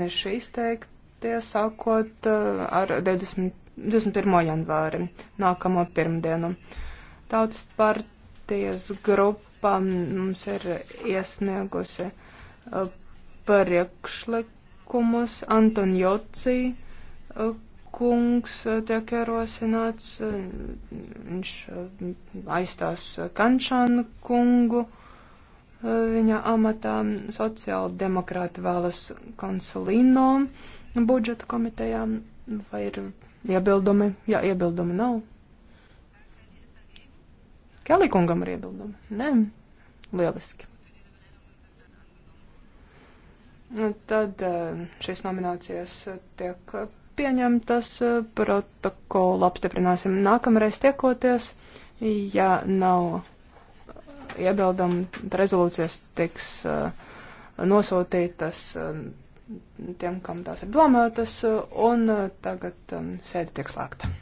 mēneši izteikties, sākot eh, ar 20, 21. janvāri, nākamo pirmdienu. Tautas partijas grupa mums ir iesniegusi eh, priekšlikumus. Anton Joci eh, kungs tiek ierosināts, viņš aizstās Kančānu kungu viņa amatā sociāldemokrāti vēlas konsulino budžeta komitejā. Vai ir iebildumi? Jā, iebildumi nav. Kelikungam ir iebildumi? Nē, lieliski. Tad eh, šīs nominācijas tiek pieņemtas, protokolu apstiprināsim nākamreiz tiekoties, ja nav iebildam, rezolūcijas tiks uh, nosūtītas uh, tiem, kam tās ir domātas, uh, un tagad um, sēde tiek slēgta.